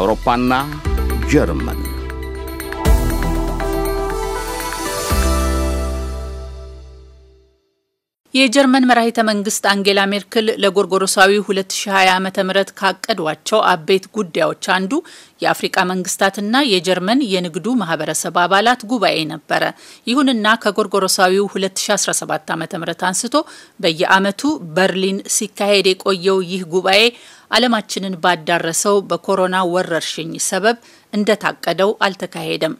አውሮፓና ጀርመን የጀርመን መራሂተ መንግስት አንጌላ ሜርክል ለጎርጎሮሳዊ 2020 ዓ ም ካቀዷቸው አበይት ጉዳዮች አንዱ የአፍሪቃ መንግስታትና የጀርመን የንግዱ ማህበረሰብ አባላት ጉባኤ ነበረ። ይሁንና ከጎርጎሮሳዊው 2017 ዓ ም አንስቶ በየአመቱ በርሊን ሲካሄድ የቆየው ይህ ጉባኤ ዓለማችንን ባዳረሰው በኮሮና ወረርሽኝ ሰበብ እንደታቀደው አልተካሄደም።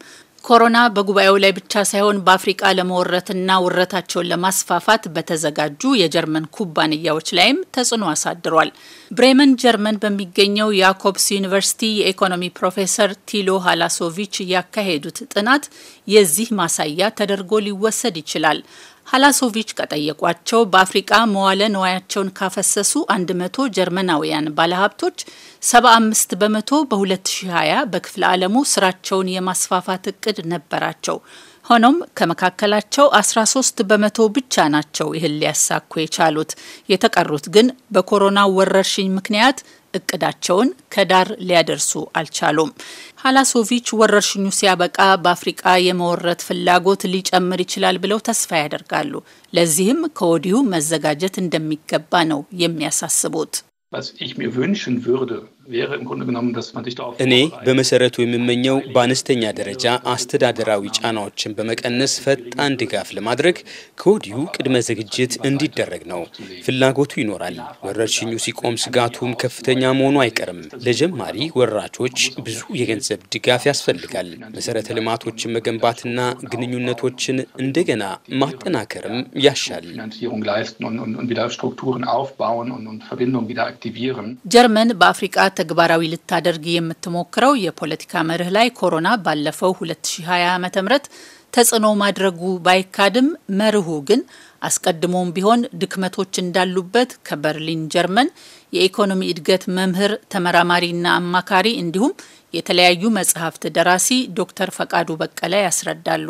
ኮሮና በጉባኤው ላይ ብቻ ሳይሆን በአፍሪቃ ለመወረትና ውረታቸውን ለማስፋፋት በተዘጋጁ የጀርመን ኩባንያዎች ላይም ተጽዕኖ አሳድሯል። ብሬመን፣ ጀርመን በሚገኘው ያኮብስ ዩኒቨርሲቲ የኢኮኖሚ ፕሮፌሰር ቲሎ ሃላሶቪች ያካሄዱት ጥናት የዚህ ማሳያ ተደርጎ ሊወሰድ ይችላል። ሀላሶቪች ከጠየቋቸው በአፍሪቃ መዋለ ንዋያቸውን ካፈሰሱ 100 ጀርመናውያን ባለሀብቶች 75 በመቶ በ2020 በክፍለ ዓለሙ ስራቸውን የማስፋፋት እቅድ ነበራቸው። ሆኖም ከመካከላቸው 13 በመቶ ብቻ ናቸው ይህን ሊያሳኩ የቻሉት። የተቀሩት ግን በኮሮና ወረርሽኝ ምክንያት እቅዳቸውን ከዳር ሊያደርሱ አልቻሉም። ሀላሶቪች ወረርሽኙ ሲያበቃ በአፍሪቃ የመወረት ፍላጎት ሊጨምር ይችላል ብለው ተስፋ ያደርጋሉ። ለዚህም ከወዲሁ መዘጋጀት እንደሚገባ ነው የሚያሳስቡት። wäre im Grunde genommen, dass man sich darauf. እኔ በመሰረቱ የምመኘው በአነስተኛ ደረጃ አስተዳደራዊ ጫናዎችን በመቀነስ ፈጣን ድጋፍ ለማድረግ ከወዲሁ ቅድመ ዝግጅት እንዲደረግ ነው። ፍላጎቱ ይኖራል። ወረርሽኙ ሲቆም ስጋቱም ከፍተኛ መሆኑ አይቀርም። ለጀማሪ ወራቾች ብዙ የገንዘብ ድጋፍ ያስፈልጋል። መሰረተ ልማቶችን መገንባትና ግንኙነቶችን እንደገና ማጠናከርም ያሻል። ጀርመን በአፍሪቃ ተግባራዊ ልታደርግ የምትሞክረው የፖለቲካ መርህ ላይ ኮሮና ባለፈው 2020 ም ተጽዕኖ ማድረጉ ባይካድም መርሁ ግን አስቀድሞም ቢሆን ድክመቶች እንዳሉበት ከበርሊን ጀርመን የኢኮኖሚ እድገት መምህር ተመራማሪና አማካሪ እንዲሁም የተለያዩ መጽሐፍት ደራሲ ዶክተር ፈቃዱ በቀለ ያስረዳሉ።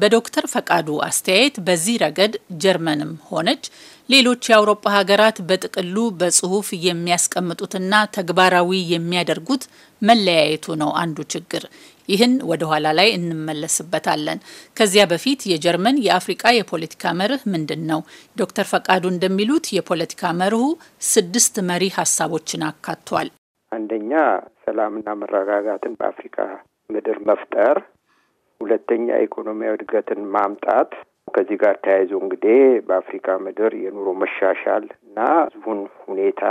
በዶክተር ፈቃዱ አስተያየት በዚህ ረገድ ጀርመንም ሆነች ሌሎች የአውሮፓ ሀገራት በጥቅሉ በጽሁፍ የሚያስቀምጡትና ተግባራዊ የሚያደርጉት መለያየቱ ነው አንዱ ችግር። ይህን ወደ ኋላ ላይ እንመለስበታለን። ከዚያ በፊት የጀርመን የአፍሪቃ የፖለቲካ መርህ ምንድን ነው? ዶክተር ፈቃዱ እንደሚሉት የፖለቲካ መርሁ ስድስት መሪ ሀሳቦችን አካቷል። አንደኛ ሰላምና መረጋጋትን በአፍሪካ ምድር መፍጠር፣ ሁለተኛ ኢኮኖሚያዊ እድገትን ማምጣት ከዚህ ጋር ተያይዞ እንግዲህ በአፍሪካ ምድር የኑሮ መሻሻል እና ህዝቡን ሁኔታ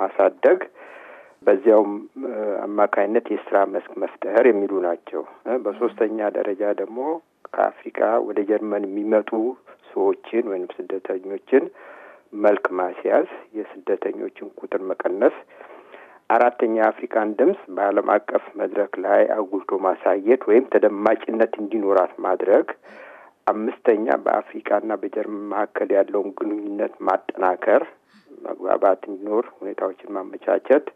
ማሳደግ በዚያውም አማካይነት የስራ መስክ መፍጠር የሚሉ ናቸው። በሶስተኛ ደረጃ ደግሞ ከአፍሪካ ወደ ጀርመን የሚመጡ ሰዎችን ወይም ስደተኞችን መልክ ማስያዝ፣ የስደተኞችን ቁጥር መቀነስ፣ አራተኛ የአፍሪካን ድምፅ በዓለም አቀፍ መድረክ ላይ አጉልቶ ማሳየት ወይም ተደማጭነት እንዲኖራት ማድረግ፣ አምስተኛ በአፍሪካና በጀርመን መካከል ያለውን ግንኙነት ማጠናከር፣ መግባባት እንዲኖር ሁኔታዎችን ማመቻቸት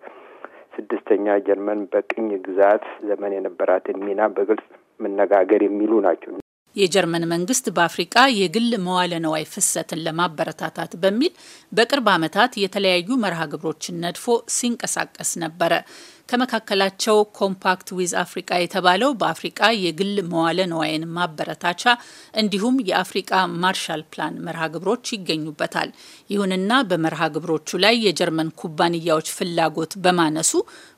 ስድስተኛ ጀርመን በቅኝ ግዛት ዘመን የነበራትን ሚና በግልጽ መነጋገር የሚሉ ናቸው። የጀርመን መንግስት በአፍሪቃ የግል መዋለ ነዋይ ፍሰትን ለማበረታታት በሚል በቅርብ ዓመታት የተለያዩ መርሃ ግብሮችን ነድፎ ሲንቀሳቀስ ነበረ። ከመካከላቸው ኮምፓክት ዊዝ አፍሪቃ የተባለው በአፍሪቃ የግል መዋለ ነዋይን ማበረታቻ እንዲሁም የአፍሪቃ ማርሻል ፕላን መርሃ ግብሮች ይገኙበታል። ይሁንና በመርሃ ግብሮቹ ላይ የጀርመን ኩባንያዎች ፍላጎት በማነሱ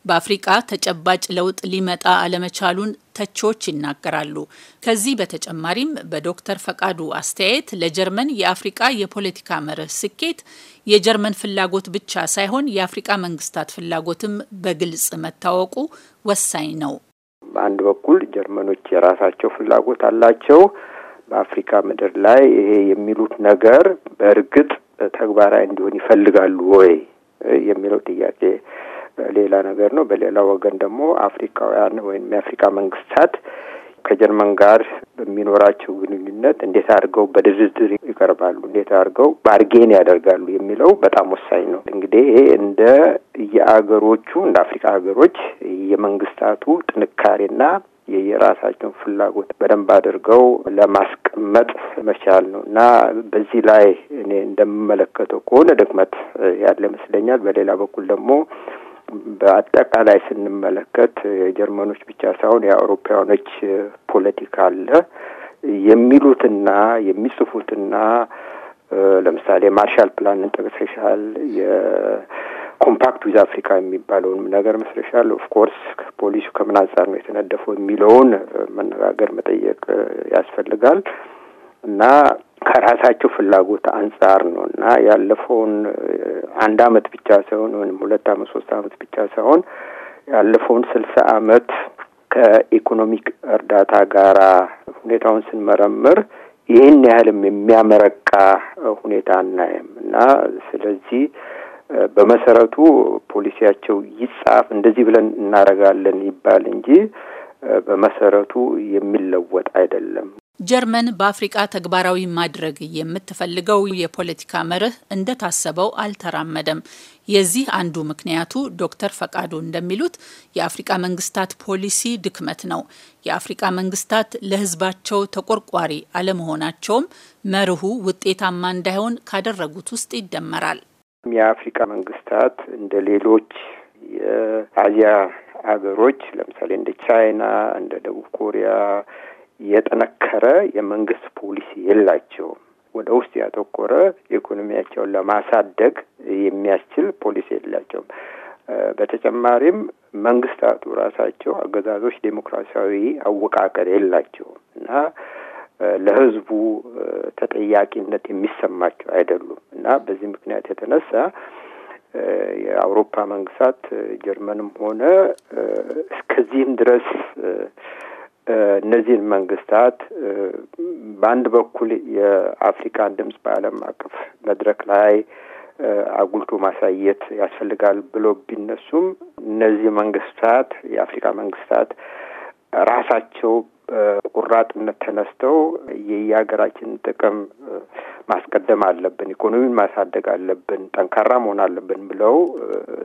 በአፍሪቃ ተጨባጭ ለውጥ ሊመጣ አለመቻሉን ተቺዎች ይናገራሉ። ከዚህ በተጨማሪም በዶክተር ፈቃዱ አስተያየት ለጀርመን የአፍሪቃ የፖለቲካ መርህ ስኬት የጀርመን ፍላጎት ብቻ ሳይሆን የአፍሪቃ መንግስታት ፍላጎትም በግልጽ መታወቁ ወሳኝ ነው። በአንድ በኩል ጀርመኖች የራሳቸው ፍላጎት አላቸው በአፍሪካ ምድር ላይ ይሄ የሚሉት ነገር በእርግጥ ተግባራዊ እንዲሆን ይፈልጋሉ ወይ የሚለው ጥያቄ ሌላ ነገር ነው። በሌላ ወገን ደግሞ አፍሪካውያን ወይም የአፍሪካ መንግስታት ከጀርመን ጋር በሚኖራቸው ግንኙነት እንዴት አድርገው በድርድር ይቀርባሉ፣ እንዴት አድርገው ባርጌን ያደርጋሉ የሚለው በጣም ወሳኝ ነው። እንግዲህ ይሄ እንደ የአገሮቹ እንደ አፍሪካ ሀገሮች የመንግስታቱ ጥንካሬና የየራሳቸውን ፍላጎት በደንብ አድርገው ለማስቀመጥ መቻል ነው እና በዚህ ላይ እኔ እንደምመለከተው ከሆነ ድክመት ያለ ይመስለኛል። በሌላ በኩል ደግሞ በአጠቃላይ ስንመለከት የጀርመኖች ብቻ ሳይሆን የአውሮፓውያኖች ፖለቲካ አለ የሚሉትና የሚጽፉትና ለምሳሌ ማርሻል ፕላንን ጠቅሰሻል። የኮምፓክት ዊዝ አፍሪካ የሚባለውን ነገር መስለሻል። ኦፍኮርስ ፖሊሲው ከምን አንጻር ነው የተነደፈው የሚለውን መነጋገር መጠየቅ ያስፈልጋል እና ከራሳቸው ፍላጎት አንጻር ነው እና ያለፈውን አንድ አመት ብቻ ሳይሆን ወይም ሁለት አመት ሶስት አመት ብቻ ሳይሆን ያለፈውን ስልሳ አመት ከኢኮኖሚክ እርዳታ ጋራ ሁኔታውን ስንመረምር ይህን ያህልም የሚያመረቃ ሁኔታ አናየም እና ስለዚህ በመሰረቱ ፖሊሲያቸው ይጻፍ እንደዚህ ብለን እናደርጋለን ይባል እንጂ በመሰረቱ የሚለወጥ አይደለም። ጀርመን በአፍሪቃ ተግባራዊ ማድረግ የምትፈልገው የፖለቲካ መርህ እንደታሰበው አልተራመደም። የዚህ አንዱ ምክንያቱ ዶክተር ፈቃዱ እንደሚሉት የአፍሪቃ መንግስታት ፖሊሲ ድክመት ነው። የአፍሪቃ መንግስታት ለህዝባቸው ተቆርቋሪ አለመሆናቸውም መርሁ ውጤታማ እንዳይሆን ካደረጉት ውስጥ ይደመራል። የአፍሪቃ መንግስታት እንደ ሌሎች የአዚያ ሀገሮች ለምሳሌ እንደ ቻይና፣ እንደ ደቡብ ኮሪያ የጠነከረ የመንግስት ፖሊሲ የላቸውም። ወደ ውስጥ ያተኮረ ኢኮኖሚያቸውን ለማሳደግ የሚያስችል ፖሊሲ የላቸውም። በተጨማሪም መንግስታቱ ራሳቸው አገዛዞች ዴሞክራሲያዊ አወቃቀር የላቸውም እና ለህዝቡ ተጠያቂነት የሚሰማቸው አይደሉም እና በዚህ ምክንያት የተነሳ የአውሮፓ መንግስታት ጀርመንም ሆነ እስከዚህም ድረስ እነዚህን መንግስታት በአንድ በኩል የአፍሪካን ድምፅ በዓለም አቀፍ መድረክ ላይ አጉልቶ ማሳየት ያስፈልጋል ብሎ ቢነሱም እነዚህ መንግስታት የአፍሪካ መንግስታት ራሳቸው ቁራጥነት ተነስተው የየሀገራችን ጥቅም ማስቀደም አለብን፣ ኢኮኖሚን ማሳደግ አለብን፣ ጠንካራ መሆን አለብን ብለው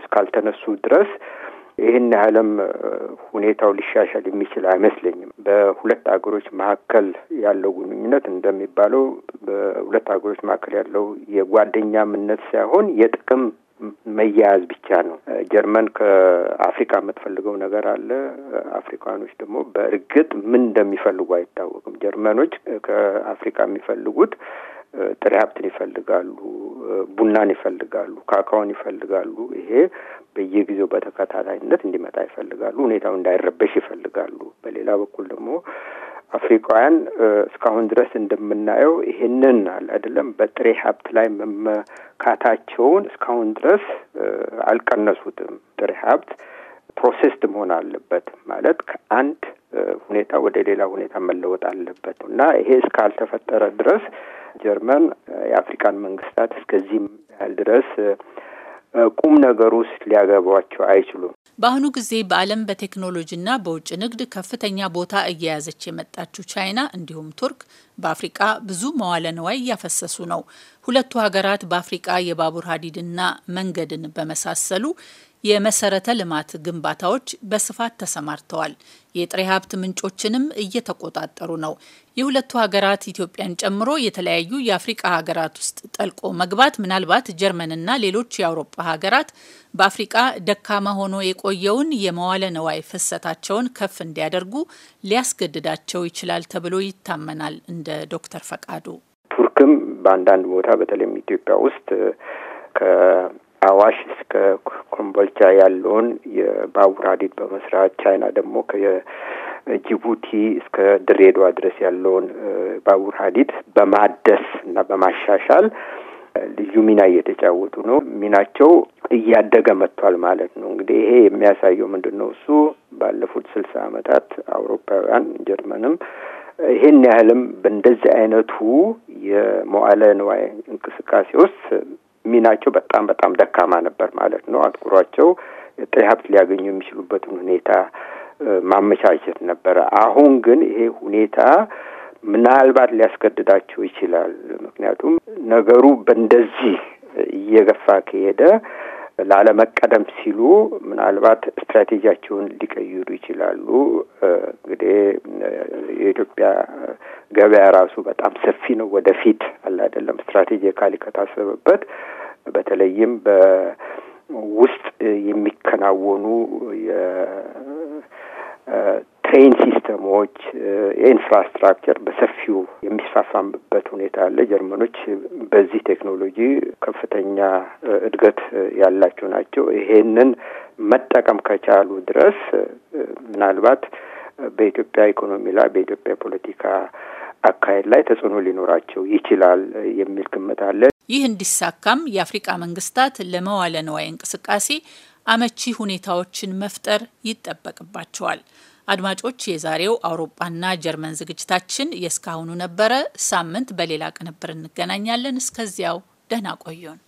እስካልተነሱ ድረስ ይህን ያህልም ሁኔታው ሊሻሻል የሚችል አይመስለኝም። በሁለት ሀገሮች መካከል ያለው ግንኙነት እንደሚባለው በሁለት ሀገሮች መካከል ያለው የጓደኛምነት ሳይሆን የጥቅም መያያዝ ብቻ ነው። ጀርመን ከአፍሪካ የምትፈልገው ነገር አለ። አፍሪካኖች ደግሞ በእርግጥ ምን እንደሚፈልጉ አይታወቅም። ጀርመኖች ከአፍሪካ የሚፈልጉት ጥሬ ሀብትን ይፈልጋሉ፣ ቡናን ይፈልጋሉ፣ ካካውን ይፈልጋሉ። ይሄ በየጊዜው በተከታታይነት እንዲመጣ ይፈልጋሉ። ሁኔታው እንዳይረበሽ ይፈልጋሉ። በሌላ በኩል ደግሞ አፍሪካውያን እስካሁን ድረስ እንደምናየው ይሄንን አለ አይደለም በጥሬ ሀብት ላይ መመካታቸውን እስካሁን ድረስ አልቀነሱትም። ጥሬ ሀብት ፕሮሴስድ መሆን አለበት ማለት ከአንድ ሁኔታ ወደ ሌላ ሁኔታ መለወጥ አለበት እና ይሄ እስካልተፈጠረ ድረስ ጀርመን የአፍሪካን መንግስታት እስከዚህም ያህል ድረስ ቁም ነገር ውስጥ ሊያገቧቸው አይችሉም። በአሁኑ ጊዜ በዓለም በቴክኖሎጂና በውጭ ንግድ ከፍተኛ ቦታ እየያዘች የመጣችው ቻይና እንዲሁም ቱርክ በአፍሪቃ ብዙ መዋለ ንዋይ እያፈሰሱ ነው። ሁለቱ ሀገራት በአፍሪቃ የባቡር ሀዲድና መንገድን በመሳሰሉ የመሰረተ ልማት ግንባታዎች በስፋት ተሰማርተዋል። የጥሬ ሀብት ምንጮችንም እየተቆጣጠሩ ነው። የሁለቱ ሀገራት ኢትዮጵያን ጨምሮ የተለያዩ የአፍሪቃ ሀገራት ውስጥ ጠልቆ መግባት ምናልባት ጀርመንና ሌሎች የአውሮፓ ሀገራት በአፍሪቃ ደካማ ሆኖ የቆየውን የመዋለ ነዋይ ፍሰታቸውን ከፍ እንዲያደርጉ ሊያስገድዳቸው ይችላል ተብሎ ይታመናል። እንደ ዶክተር ፈቃዱ ቱርክም በአንዳንድ ቦታ በተለይም ኢትዮጵያ ውስጥ ከአዋሽ እስከ ኮምቦልቻ ያለውን የባቡር ሀዲድ በመስራት ቻይና ደግሞ ከጅቡቲ እስከ ድሬዳዋ ድረስ ያለውን ባቡር ሀዲድ በማደስ እና በማሻሻል ልዩ ሚና እየተጫወቱ ነው። ሚናቸው እያደገ መጥቷል ማለት ነው። እንግዲህ ይሄ የሚያሳየው ምንድን ነው? እሱ ባለፉት ስልሳ ዓመታት አውሮፓውያን ጀርመንም ይህን ያህልም በእንደዚህ አይነቱ የመዋለ ንዋይ እንቅስቃሴ ውስጥ ሚናቸው በጣም በጣም ደካማ ነበር ማለት ነው። አትኩሯቸው ጥሬ ሀብት ሊያገኙ የሚችሉበትን ሁኔታ ማመቻቸት ነበረ። አሁን ግን ይሄ ሁኔታ ምናልባት ሊያስገድዳቸው ይችላል። ምክንያቱም ነገሩ በእንደዚህ እየገፋ ከሄደ ላለመቀደም ሲሉ ምናልባት ስትራቴጂያቸውን ሊቀይሩ ይችላሉ። እንግዲህ የኢትዮጵያ ገበያ ራሱ በጣም ሰፊ ነው። ወደፊት አለ አይደለም ስትራቴጂካሊ ከታሰበበት በተለይም በውስጥ የሚከናወኑ የትሬን ሲስተሞች የኢንፍራስትራክቸር በሰፊው የሚስፋፋበት ሁኔታ አለ። ጀርመኖች በዚህ ቴክኖሎጂ ከፍተኛ እድገት ያላቸው ናቸው። ይሄንን መጠቀም ከቻሉ ድረስ ምናልባት በኢትዮጵያ ኢኮኖሚ ላይ በኢትዮጵያ ፖለቲካ አካሄድ ላይ ተጽዕኖ ሊኖራቸው ይችላል የሚል ግምት አለ። ይህ እንዲሳካም የአፍሪቃ መንግስታት ለመዋለ ንዋይ እንቅስቃሴ አመቺ ሁኔታዎችን መፍጠር ይጠበቅባቸዋል። አድማጮች፣ የዛሬው አውሮፓና ጀርመን ዝግጅታችን የእስካሁኑ ነበረ። ሳምንት በሌላ ቅንብር እንገናኛለን። እስከዚያው ደህና ቆዩን።